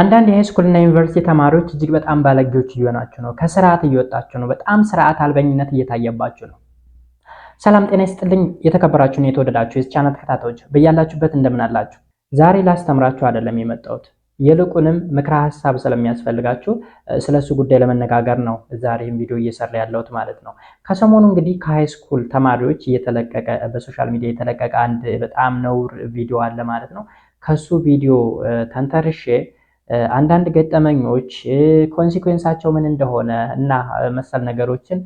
አንዳንድ የሃይስኩልና ዩኒቨርሲቲ ተማሪዎች እጅግ በጣም ባለጌዎች እየሆናችሁ ነው። ከስርዓት እየወጣችሁ ነው። በጣም ስርዓት አልበኝነት እየታየባችሁ ነው። ሰላም ጤና ይስጥልኝ። የተከበራችሁን የተወደዳችሁ የቻናል ተከታታዮች በያላችሁበት እንደምን አላችሁ? ዛሬ ላስተምራችሁ አይደለም የመጣሁት ይልቁንም ምክረ ሀሳብ ስለሚያስፈልጋችሁ ስለሱ ጉዳይ ለመነጋገር ነው ዛሬም ቪዲዮ እየሰራ ያለሁት ማለት ነው። ከሰሞኑ እንግዲህ ከሃይስኩል ተማሪዎች እየተለቀቀ በሶሻል ሚዲያ የተለቀቀ አንድ በጣም ነውር ቪዲዮ አለ ማለት ነው። ከሱ ቪዲዮ ተንተርሼ አንዳንድ ገጠመኞች ኮንሲኩዌንሳቸው ምን እንደሆነ እና መሰል ነገሮችን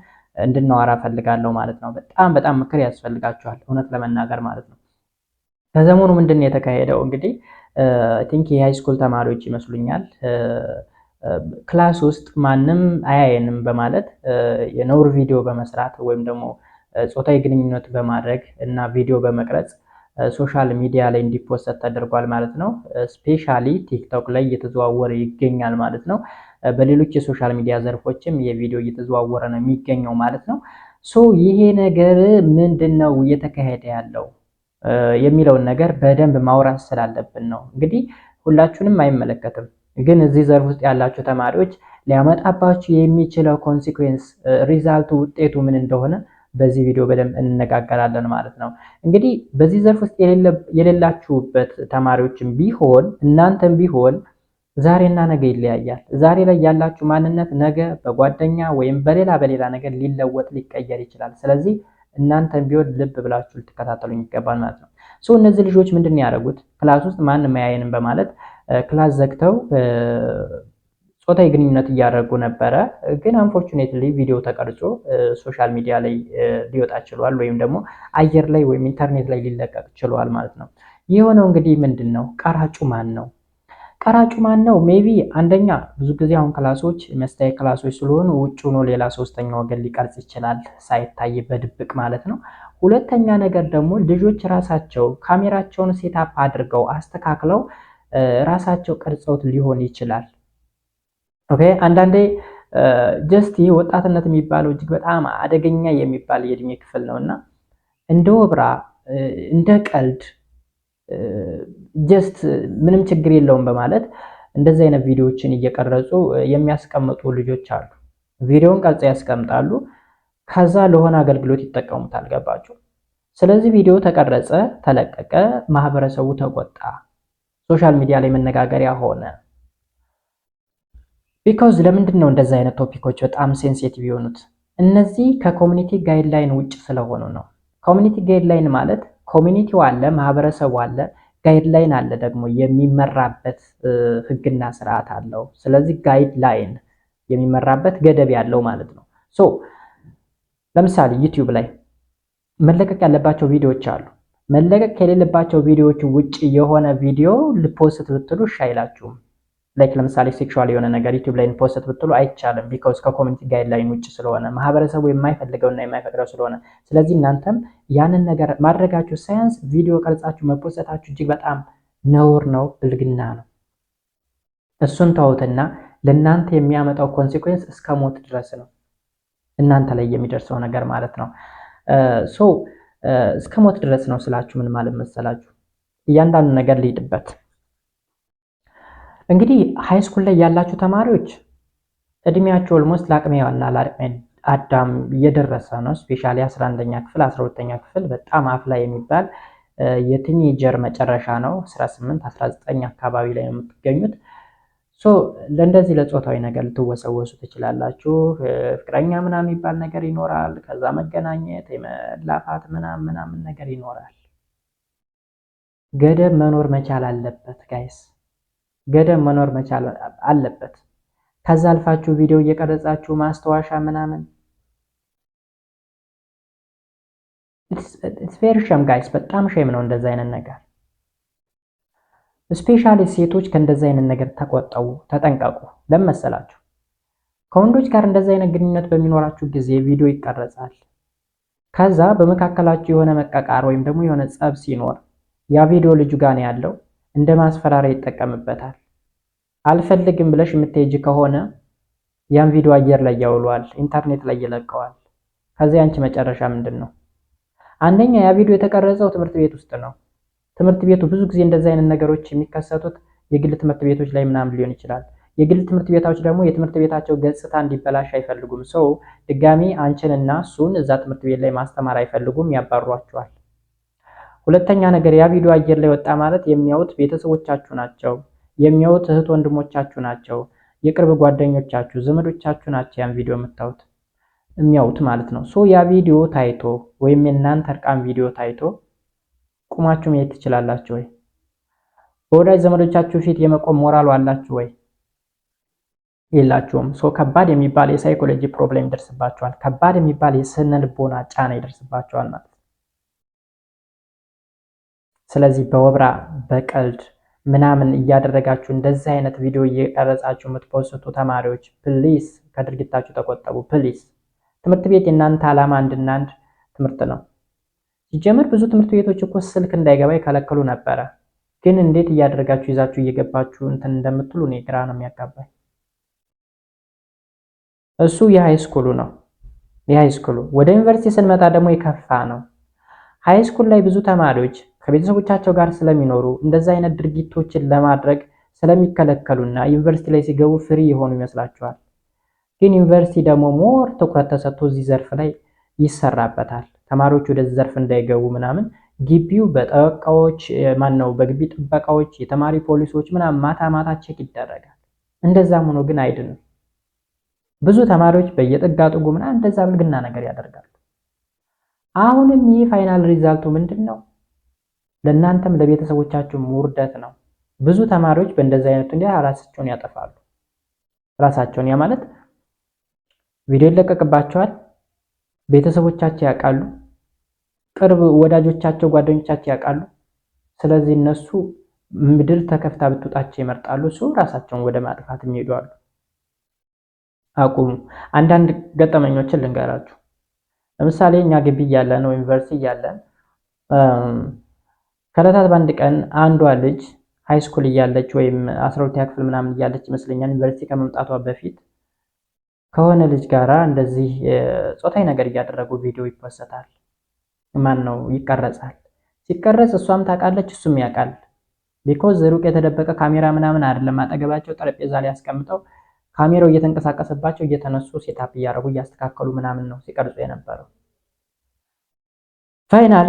እንድናወራ ፈልጋለሁ ማለት ነው። በጣም በጣም ምክር ያስፈልጋችኋል እውነት ለመናገር ማለት ነው። ከሰሞኑ ምንድን ነው የተካሄደው? እንግዲህ ቲንክ የሃይስኩል ተማሪዎች ይመስሉኛል ክላስ ውስጥ ማንም አያየንም በማለት የነውር ቪዲዮ በመስራት ወይም ደግሞ ጾታዊ ግንኙነት በማድረግ እና ቪዲዮ በመቅረጽ ሶሻል ሚዲያ ላይ እንዲፖሰት ተደርጓል ማለት ነው። ስፔሻሊ ቲክቶክ ላይ እየተዘዋወረ ይገኛል ማለት ነው። በሌሎች የሶሻል ሚዲያ ዘርፎችም የቪዲዮ እየተዘዋወረ ነው የሚገኘው ማለት ነው። ሶ ይሄ ነገር ምንድን ነው እየተካሄደ ያለው የሚለውን ነገር በደንብ ማውራት ስላለብን ነው። እንግዲህ ሁላችሁንም አይመለከትም፣ ግን እዚህ ዘርፍ ውስጥ ያላችሁ ተማሪዎች ሊያመጣባችሁ የሚችለው ኮንሲኩዌንስ ሪዛልቱ ውጤቱ ምን እንደሆነ በዚህ ቪዲዮ በደንብ እንነጋገራለን ማለት ነው። እንግዲህ በዚህ ዘርፍ ውስጥ የሌላችሁበት ተማሪዎችም ቢሆን እናንተም ቢሆን ዛሬና ነገ ይለያያል። ዛሬ ላይ ያላችሁ ማንነት ነገ በጓደኛ ወይም በሌላ በሌላ ነገር ሊለወጥ ሊቀየር ይችላል። ስለዚህ እናንተም ቢሆን ልብ ብላችሁ ልትከታተሉ ይገባል ማለት ነው። ሶ እነዚህ ልጆች ምንድን ያደረጉት? ክላስ ውስጥ ማንም አያየንም በማለት ክላስ ዘግተው ጾታዊ ግንኙነት እያደረጉ ነበረ። ግን አንፎርቹኔትሊ ቪዲዮ ተቀርጾ ሶሻል ሚዲያ ላይ ሊወጣ ችሏል፣ ወይም ደግሞ አየር ላይ ወይም ኢንተርኔት ላይ ሊለቀቅ ችሏል ማለት ነው። የሆነው እንግዲህ ምንድን ነው? ቀራጩ ማን ነው? ቀራጩ ማን ነው? ሜቢ አንደኛ ብዙ ጊዜ አሁን ክላሶች መስተያየት ክላሶች ስለሆኑ ውጭ ሆኖ ሌላ ሶስተኛ ወገን ሊቀርጽ ይችላል፣ ሳይታይ በድብቅ ማለት ነው። ሁለተኛ ነገር ደግሞ ልጆች ራሳቸው ካሜራቸውን ሴታፕ አድርገው አስተካክለው ራሳቸው ቀርጸውት ሊሆን ይችላል። ኦኬ አንዳንዴ ጀስት ይህ ወጣትነት የሚባለው እጅግ በጣም አደገኛ የሚባል የእድሜ ክፍል ነው እና እንደ ወብራ እንደ ቀልድ ጀስት ምንም ችግር የለውም በማለት እንደዚህ አይነት ቪዲዮዎችን እየቀረጹ የሚያስቀምጡ ልጆች አሉ። ቪዲዮውን ቀርጸው ያስቀምጣሉ። ከዛ ለሆነ አገልግሎት ይጠቀሙታል። ገባችሁ? ስለዚህ ቪዲዮ ተቀረጸ፣ ተለቀቀ፣ ማህበረሰቡ ተቆጣ፣ ሶሻል ሚዲያ ላይ መነጋገሪያ ሆነ። ቢኮዝ ለምንድን ነው እንደዚህ አይነት ቶፒኮች በጣም ሴንሲቲቭ የሆኑት? እነዚህ ከኮሚኒቲ ጋይድላይን ውጭ ስለሆኑ ነው። ኮሚኒቲ ጋይድላይን ማለት ኮሚኒቲው አለ፣ ማህበረሰቡ አለ፣ ጋይድላይን አለ ደግሞ የሚመራበት ህግና ስርዓት አለው። ስለዚህ ጋይድላይን የሚመራበት ገደብ ያለው ማለት ነው። ሶ ለምሳሌ ዩቲዩብ ላይ መለቀቅ ያለባቸው ቪዲዮዎች አሉ። መለቀቅ ከሌለባቸው ቪዲዮዎች ውጭ የሆነ ቪዲዮ ልፖስት ብትሉ እሺ አይላችሁም። ላይክ ለምሳሌ ሴክሹዋል የሆነ ነገር ዩቲብ ላይ ፖስት ብትሉ አይቻልም፣ ቢካውስ ከኮሚኒቲ ጋይድላይን ውጭ ስለሆነ ማህበረሰቡ የማይፈልገውና የማይፈቅደው ስለሆነ። ስለዚህ እናንተም ያንን ነገር ማድረጋችሁ ሳያንስ ቪዲዮ ቀርጻችሁ መፖሰታችሁ እጅግ በጣም ነውር ነው፣ ብልግና ነው። እሱን ተውትና ለእናንተ የሚያመጣው ኮንሲኩዌንስ እስከ ሞት ድረስ ነው፣ እናንተ ላይ የሚደርሰው ነገር ማለት ነው። ሶ እስከ ሞት ድረስ ነው ስላችሁ ምን ማለት መሰላችሁ? እያንዳንዱ ነገር ልሂድበት እንግዲህ ሃይ ስኩል ላይ ያላችሁ ተማሪዎች እድሜያቸው ኦልሞስት ለአቅመ ሔዋንና ለአቅመ አዳም እየደረሰ ነው። ስፔሻሊ 11ኛ ክፍል 12ኛ ክፍል በጣም አፍላ የሚባል የቲኔጀር መጨረሻ ነው። 18 19 አካባቢ ላይ ነው የምትገኙት። ሶ ለእንደዚህ ለጾታዊ ነገር ልትወሰወሱ ትችላላችሁ። ፍቅረኛ ምናምን የሚባል ነገር ይኖራል። ከዛ መገናኘት፣ የመላፋት ምናምን ምናምን ነገር ይኖራል። ገደብ መኖር መቻል አለበት ጋይስ። ገደብ መኖር መቻል አለበት። ከዛ አልፋችሁ ቪዲዮ እየቀረጻችሁ ማስታወሻ ምናምን ኢትስ ቬሪ ሸም ጋይስ፣ በጣም ሸም ነው እንደዛ አይነት ነገር። ስፔሻሊ ሴቶች ከእንደዛ አይነት ነገር ተቆጠቡ፣ ተጠንቀቁ። ለመሰላችሁ ከወንዶች ጋር እንደዛ አይነት ግንኙነት በሚኖራችሁ ጊዜ ቪዲዮ ይቀረጻል። ከዛ በመካከላችሁ የሆነ መቀቃር ወይም ደግሞ የሆነ ጸብ ሲኖር ያ ቪዲዮ ልጁ ጋር ነው ያለው እንደ ማስፈራሪያ ይጠቀምበታል። አልፈልግም ብለሽ የምትሄጂ ከሆነ ያን ቪዲዮ አየር ላይ ያውሏል፣ ኢንተርኔት ላይ ይለቀዋል። ከዚህ አንቺ መጨረሻ ምንድን ነው? አንደኛ ያ ቪዲዮ የተቀረጸው ትምህርት ቤት ውስጥ ነው። ትምህርት ቤቱ ብዙ ጊዜ እንደዚህ አይነት ነገሮች የሚከሰቱት የግል ትምህርት ቤቶች ላይ ምናምን ሊሆን ይችላል። የግል ትምህርት ቤታዎች ደግሞ የትምህርት ቤታቸው ገጽታ እንዲበላሽ አይፈልጉም። ሰው ድጋሚ አንቺንና እሱን እዛ ትምህርት ቤት ላይ ማስተማር አይፈልጉም፣ ያባሯቸዋል። ሁለተኛ ነገር ያ ቪዲዮ አየር ላይ ወጣ ማለት የሚያዩት ቤተሰቦቻችሁ ናቸው። የሚያዩት እህት ወንድሞቻችሁ ናቸው፣ የቅርብ ጓደኞቻችሁ፣ ዘመዶቻችሁ ናቸው። ያን ቪዲዮ የምታዩት የሚያዩት ማለት ነው። ሶ ያ ቪዲዮ ታይቶ ወይም የእናንተ እርቃን ቪዲዮ ታይቶ ቁማችሁ መሄድ ትችላላችሁ ወይ? በወዳጅ ዘመዶቻችሁ ፊት የመቆም ሞራሉ አላችሁ ወይ? የላችሁም። ሶ ከባድ የሚባል የሳይኮሎጂ ፕሮብሌም ይደርስባችኋል። ከባድ የሚባል የስነ ልቦና ጫና ይደርስባችኋል ማለት ነው። ስለዚህ በወብራ በቀልድ ምናምን እያደረጋችሁ እንደዚህ አይነት ቪዲዮ እየቀረጻችሁ የምትፖስቱ ተማሪዎች ፕሊስ ከድርጊታችሁ ተቆጠቡ። ፕሊስ ትምህርት ቤት የእናንተ ዓላማ አንድና አንድ ትምህርት ነው። ሲጀምር ብዙ ትምህርት ቤቶች እኮ ስልክ እንዳይገባ ይከለከሉ ነበረ። ግን እንዴት እያደረጋችሁ ይዛችሁ እየገባችሁ እንትን እንደምትሉ እኔ ግራ ነው የሚያጋባኝ። እሱ የሃይስኩሉ ነው የሃይስኩሉ። ወደ ዩኒቨርሲቲ ስንመጣ ደግሞ የከፋ ነው። ሃይስኩል ላይ ብዙ ተማሪዎች ከቤተሰቦቻቸው ጋር ስለሚኖሩ እንደዚህ አይነት ድርጊቶችን ለማድረግ ስለሚከለከሉና ዩኒቨርሲቲ ላይ ሲገቡ ፍሪ የሆኑ ይመስላቸዋል። ግን ዩኒቨርሲቲ ደግሞ ሞር ትኩረት ተሰጥቶ እዚህ ዘርፍ ላይ ይሰራበታል። ተማሪዎች ወደዚህ ዘርፍ እንዳይገቡ ምናምን ግቢው በጠበቃዎች ማን ነው፣ በግቢ ጥበቃዎች፣ የተማሪ ፖሊሶች ምናምን ማታ ማታ ቼክ ይደረጋል። እንደዛም ሆኖ ግን አይድንም። ብዙ ተማሪዎች በየጥጋ ጥጉ ምናምን እንደዛ ብልግና ነገር ያደርጋሉ። አሁንም ይህ ፋይናል ሪዛልቱ ምንድን ነው? ለእናንተም ለቤተሰቦቻችሁ ውርደት ነው። ብዙ ተማሪዎች በእንደዚህ አይነት ሁኔታ ራሳቸውን ያጠፋሉ። ራሳቸውን ያ ማለት ቪዲዮ ይለቀቅባቸዋል፣ ቤተሰቦቻቸው ያውቃሉ፣ ቅርብ ወዳጆቻቸው፣ ጓደኞቻቸው ያውቃሉ። ስለዚህ እነሱ ምድር ተከፍታ ብትወጣቸው ይመርጣሉ። እሱ ራሳቸውን ወደ ማጥፋት የሚሄዱ አሉ። አቁሙ። አንዳንድ ገጠመኞችን ልንገራችሁ። ለምሳሌ እኛ ግቢ እያለን ወይም ዩኒቨርሲቲ እያለን ከለታት በአንድ ቀን አንዷ ልጅ ሃይስኩል እያለች ወይም አስራ ሁለተኛ ክፍል ምናምን እያለች ይመስለኛል ዩኒቨርሲቲ ከመምጣቷ በፊት ከሆነ ልጅ ጋራ እንደዚህ ጾታዊ ነገር እያደረጉ ቪዲዮ ይፖሰታል። ማን ነው ይቀረጻል። ሲቀረጽ እሷም ታውቃለች፣ እሱም ያውቃል። ቢኮዝ ሩቅ የተደበቀ ካሜራ ምናምን አይደለም። አጠገባቸው ጠረጴዛ ላይ ያስቀምጠው ካሜራው እየተንቀሳቀሰባቸው እየተነሱ ሴታፕ እያደረጉ እያስተካከሉ ምናምን ነው ሲቀርጹ የነበረው። ፋይናሊ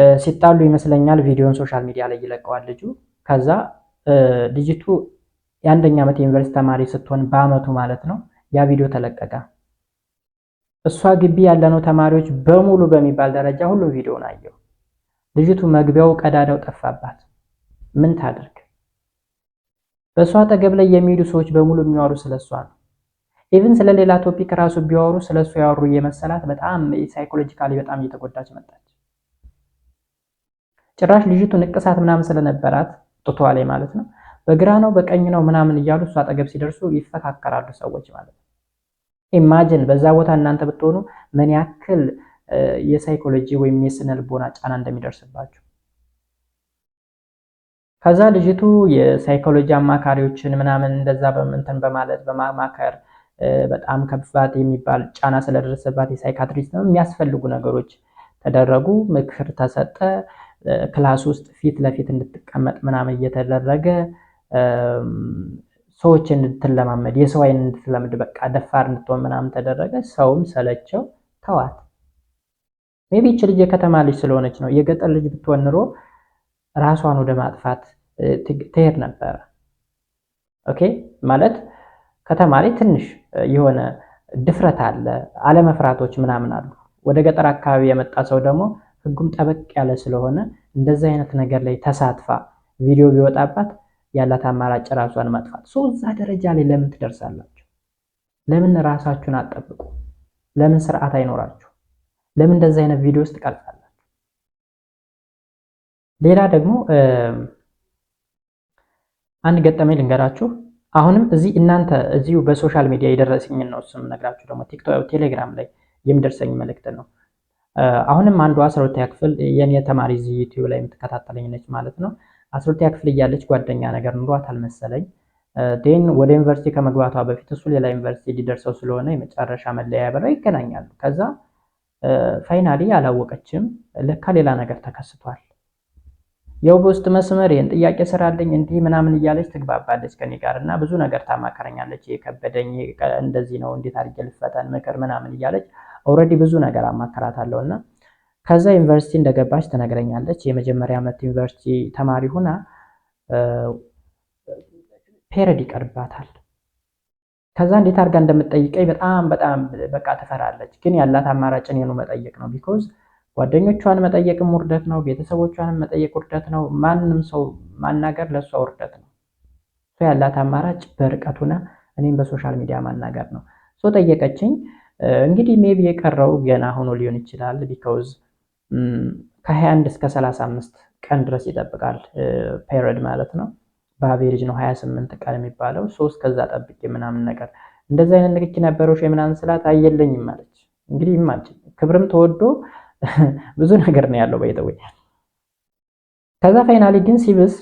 uh, ሲጣሉ ይመስለኛል ቪዲዮን ሶሻል ሚዲያ ላይ ይለቀዋል ልጁ። ከዛ uh, ልጅቱ የአንደኛ ዓመት የዩኒቨርሲቲ ተማሪ ስትሆን በአመቱ ማለት ነው ያ ቪዲዮ ተለቀቀ። እሷ ግቢ ያለነው ተማሪዎች በሙሉ በሚባል ደረጃ ሁሉም ቪዲዮን አየው። ልጅቱ መግቢያው ቀዳዳው ጠፋባት። ምን ታደርግ? በእሷ አጠገብ ላይ የሚሄዱ ሰዎች በሙሉ የሚዋሩ ስለሷ ነው። ኢቭን ስለሌላ ቶፒክ ራሱ ቢያወሩ ስለሱ ያወሩ እየመሰላት በጣም ሳይኮሎጂካሊ በጣም እየተጎዳች መጣች። ጭራሽ ልጅቱ ንቅሳት ምናምን ስለነበራት ጡቷ ላይ ማለት ነው በግራ ነው በቀኝ ነው ምናምን እያሉ እሱ አጠገብ ሲደርሱ ይፈካከራሉ ሰዎች ማለት ነው። ኢማጅን በዛ ቦታ እናንተ ብትሆኑ ምን ያክል የሳይኮሎጂ ወይም የስነ ልቦና ጫና እንደሚደርስባችሁ። ከዛ ልጅቱ የሳይኮሎጂ አማካሪዎችን ምናምን እንደዛ በምንትን በማለት በማማከር በጣም ከባድ የሚባል ጫና ስለደረሰባት የሳይካትሪስት ነው የሚያስፈልጉ ነገሮች ተደረጉ። ምክር ተሰጠ። ክላስ ውስጥ ፊት ለፊት እንድትቀመጥ ምናምን እየተደረገ ሰዎች እንድትለማመድ የሰው አይን እንድትለምድ በቃ ደፋር እንድትሆን ምናምን ተደረገ። ሰውም ሰለቸው ተዋት። ሜቢ ይህች ልጅ የከተማ ልጅ ስለሆነች ነው። የገጠር ልጅ ብትሆን ኑሮ ራሷን ወደ ማጥፋት ትሄድ ነበረ። ኦኬ ማለት ከተማ ላይ ትንሽ የሆነ ድፍረት አለ፣ አለመፍራቶች ምናምን አሉ። ወደ ገጠር አካባቢ የመጣ ሰው ደግሞ ህጉም ጠበቅ ያለ ስለሆነ እንደዚህ አይነት ነገር ላይ ተሳትፋ ቪዲዮ ቢወጣባት ያላት አማራጭ ራሷን ማጥፋት። ሰው እዛ ደረጃ ላይ ለምን ትደርሳላችሁ? ለምን ራሳችሁን አጠብቁ? ለምን ስርዓት አይኖራችሁ? ለምን እንደዚህ አይነት ቪዲዮ ውስጥ ትቀርጻላችሁ? ሌላ ደግሞ አንድ ገጠመኝ ልንገራችሁ። አሁንም እዚህ እናንተ እዚሁ በሶሻል ሚዲያ የደረሰኝን ነው ስም ነግራችሁ ደግሞ ቲክቶክ፣ ቴሌግራም ላይ የሚደርሰኝ መልእክት ነው። አሁንም አንዱ አስራ ሁለተኛ ክፍል የኔ ተማሪ እዚህ ዩቲዩብ ላይ የምትከታተለኝ ነች ማለት ነው። አስራ ሁለተኛ ክፍል እያለች ጓደኛ ነገር ኑሯት አልመሰለኝ ዴን ወደ ዩኒቨርሲቲ ከመግባቷ በፊት እሱ ሌላ ዩኒቨርሲቲ ሊደርሰው ስለሆነ የመጨረሻ መለያ ያበራ ይገናኛሉ። ከዛ ፋይናሊ አላወቀችም፣ ለካ ሌላ ነገር ተከስቷል ያው መስመር ይህን ጥያቄ ስራልኝ እንዲህ ምናምን እያለች ትግባባለች ከኔ ጋር እና ብዙ ነገር ታማከረኛለች። የከበደኝ እንደዚህ ነው፣ እንዴት አድርጌ ልፈተን፣ ምክር ምናምን እያለች ኦልሬዲ ብዙ ነገር አማከራታለሁ እና ከዛ ዩኒቨርሲቲ እንደገባች ትነግረኛለች። የመጀመሪያ ዓመት ዩኒቨርሲቲ ተማሪ ሁና ፔረድ ይቀርባታል። ከዛ እንዴት አድርጋ እንደምትጠይቀኝ በጣም በጣም በቃ ትፈራለች። ግን ያላት አማራጭ እኔኑ መጠየቅ ነው ቢኮዝ ጓደኞቿን መጠየቅም ውርደት ነው። ቤተሰቦቿንም መጠየቅ ውርደት ነው። ማንም ሰው ማናገር ለእሷ ውርደት ነው። እሱ ያላት አማራጭ በርቀቱና እኔም በሶሻል ሚዲያ ማናገር ነው። ሶ ጠየቀችኝ። እንግዲህ ሜቢ የቀረው ገና ሆኖ ሊሆን ይችላል። ቢካውዝ ከ21 እስከ 35 ቀን ድረስ ይጠብቃል ፔሪድ ማለት ነው። በአቬሬጅ ነው 28 ቀን የሚባለው። ሶስት ከዛ ጠብቄ ምናምን ነገር እንደዚህ አይነት ንክኪ ነበረሽ ምናምን ስላት አየለኝም አለች። እንግዲህ ይማጭ ክብርም ተወዶ ብዙ ነገር ነው ያለው ባይተው። ከዛ ፋይናሊ ግን ሲብስ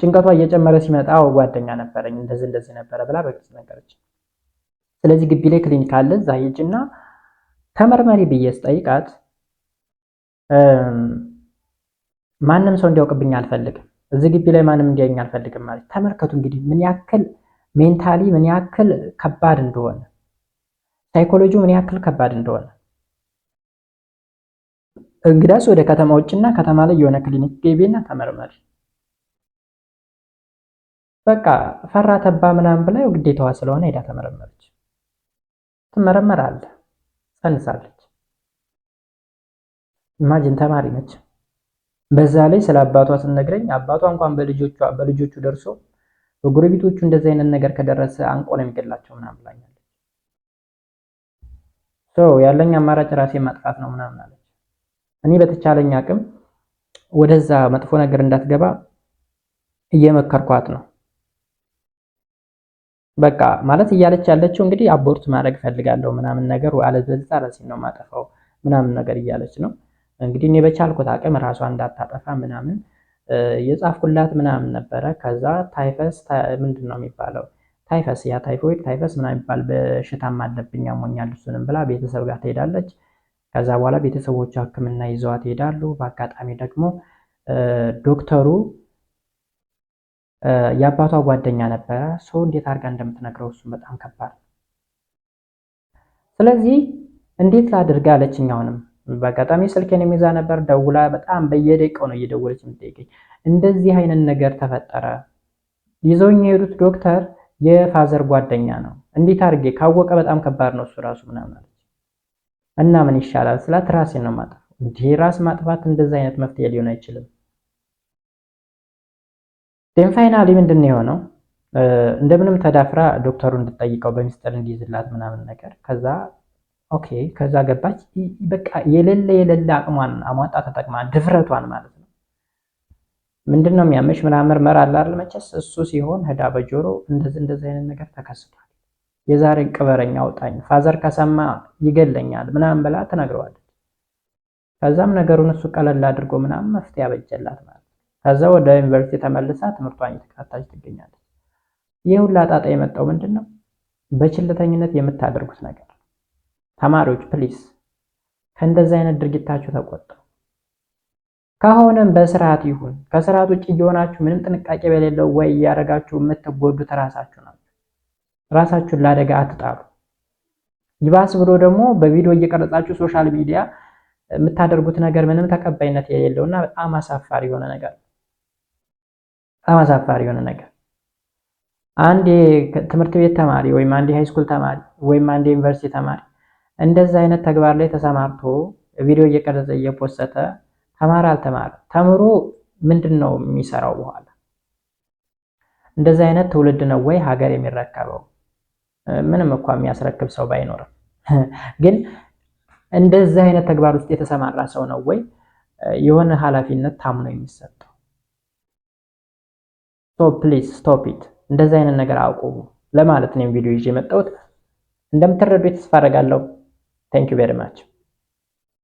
ጭንቀቷ እየጨመረ ሲመጣ አዎ ጓደኛ ነበረኝ እንደዚህ እንደዚህ ነበረ ብላ በግልጽ ነገረች። ስለዚህ ግቢ ላይ ክሊኒክ አለ እዛ ሂጂና ተመርመሪ ብዬ ስጠይቃት ማንም ሰው እንዲያውቅብኝ አልፈልግም፣ እዚህ ግቢ ላይ ማንም እንዲያኝ አልፈልግም ማለት ተመልከቱ እንግዲህ ምን ያክል ሜንታሊ ምን ያክል ከባድ እንደሆነ ሳይኮሎጂ ምን ያክል ከባድ እንደሆነ እንግዳስ ወደ ከተማ ውጭና ከተማ ላይ የሆነ ክሊኒክ ገቢና ተመርመሪ። በቃ ፈራ ተባ ምናምን ብላ ግዴታዋ ስለሆነ ሄዳ ተመረመረች። ትመረመራለ ጸንሳለች። ኢማጂን ተማሪ ነች። በዛ ላይ ስለ አባቷ ስነግረኝ አባቷ እንኳን በልጆቿ በልጆቹ ደርሶ በጎረቤቶቹ እንደዚህ አይነት ነገር ከደረሰ አንቆ ነው የሚገላቸው ምናምን ብላኛለች። ያለኝ አማራጭ ራሴ ማጥፋት ነው ምናምን አለች። እኔ በተቻለኝ አቅም ወደዛ መጥፎ ነገር እንዳትገባ እየመከርኳት ነው። በቃ ማለት እያለች ያለችው እንግዲህ አቦርት ማድረግ ፈልጋለሁ ምናምን ነገር አለበለዚያ ራሴን ነው ማጠፋው ምናምን ነገር እያለች ነው እንግዲህ እኔ በቻልኩት አቅም ራሷ እንዳታጠፋ ምናምን የጻፍኩላት ምናምን ነበረ። ከዛ ታይፈስ ምንድን ነው የሚባለው ታይፈስ ያ ታይፎይድ ታይፈስ ምናምን የሚባል በሽታም አለብኝ አሞኛል፣ እሱንም ብላ ቤተሰብ ጋር ትሄዳለች። ከዛ በኋላ ቤተሰቦቿ ሕክምና ይዘዋት ይሄዳሉ። በአጋጣሚ ደግሞ ዶክተሩ የአባቷ ጓደኛ ነበረ። ሰው እንዴት አድርጋ እንደምትነግረው እሱም በጣም ከባድ። ስለዚህ እንዴት ላድርግ አለችኝ። አሁንም በአጋጣሚ ስልኬን የሚዛ ነበር ደውላ፣ በጣም በየደቂቃው ነው እየደወለች የምትጠይቀኝ። እንደዚህ አይነት ነገር ተፈጠረ። ይዘውኝ የሄዱት ዶክተር የፋዘር ጓደኛ ነው። እንዴት አድርጌ ካወቀ በጣም ከባድ ነው እሱ ራሱ ምናምን እና ምን ይሻላል ስላት ራሴን ነው ማጥፋት። እንዲህ ራስ ማጥፋት እንደዚህ አይነት መፍትሄ ሊሆን አይችልም። ዴን ፋይናሊ ምንድን ነው የሆነው? እንደምንም ተዳፍራ ዶክተሩ እንድጠይቀው በሚስጥር እንዲይዝላት ምናምን ነገር ከዛ ኦኬ ከዛ ገባች። በቃ የሌለ የሌለ አቅሟን አሟጣ ተጠቅማ ድፍረቷን ማለት ነው። ምንድን ነው የሚያመሽ ምናምን ምርመራ አለ አይደል መቼስ እሱ ሲሆን ህዳ በጆሮ እንደዚህ እንደዚህ አይነት ነገር ተከስቷል። የዛሬን ቅበረኝ አውጣኝ፣ ፋዘር ከሰማ ይገለኛል ምናምን ብላ ትነግረዋለች። ከዛም ነገሩን እሱ ቀለል አድርጎ ምናምን መፍትሄ ያበጀላት ማለት ነው። ከዛ ወደ ዩኒቨርሲቲ ተመልሳ ትምህርቷን እየተከታተለች ትገኛለች። ይህ ሁላ ጣጣ የመጣው ምንድን ነው? በችልተኝነት የምታደርጉት ነገር። ተማሪዎች ፕሊስ ከእንደዚህ አይነት ድርጊታችሁ ተቆጠቡ። ከሆነም በስርዓት ይሁን። ከስርዓት ውጭ እየሆናችሁ ምንም ጥንቃቄ በሌለው ወይ እያደረጋችሁ የምትጎዱት ራሳችሁ ነው። ራሳችሁን ለአደጋ አትጣሉ። ይባስ ብሎ ደግሞ በቪዲዮ እየቀረጻችሁ ሶሻል ሚዲያ የምታደርጉት ነገር ምንም ተቀባይነት የሌለውና በጣም አሳፋሪ የሆነ ነገር በጣም አሳፋሪ የሆነ ነገር አንድ ትምህርት ቤት ተማሪ ወይም አንድ ሃይስኩል ተማሪ ወይም አንድ ዩኒቨርሲቲ ተማሪ እንደዛ አይነት ተግባር ላይ ተሰማርቶ ቪዲዮ እየቀረጸ እየፖሰተ ተማረ አልተማረ ተምሮ ምንድን ነው የሚሰራው በኋላ እንደዚህ አይነት ትውልድ ነው ወይ ሀገር የሚረከበው? ምንም እኳ የሚያስረክብ ሰው ባይኖርም ግን እንደዚህ አይነት ተግባር ውስጥ የተሰማራ ሰው ነው ወይ የሆነ ኃላፊነት ታምኖ የሚሰጠው? ፕሊዝ ስቶፕ ኢት። እንደዚህ አይነት ነገር አቁሙ ለማለት ነው ቪዲዮ ይዤ የመጣሁት። እንደምትረዱ የተስፋ አደርጋለሁ። ታንክ ዩ ቬሪ ማች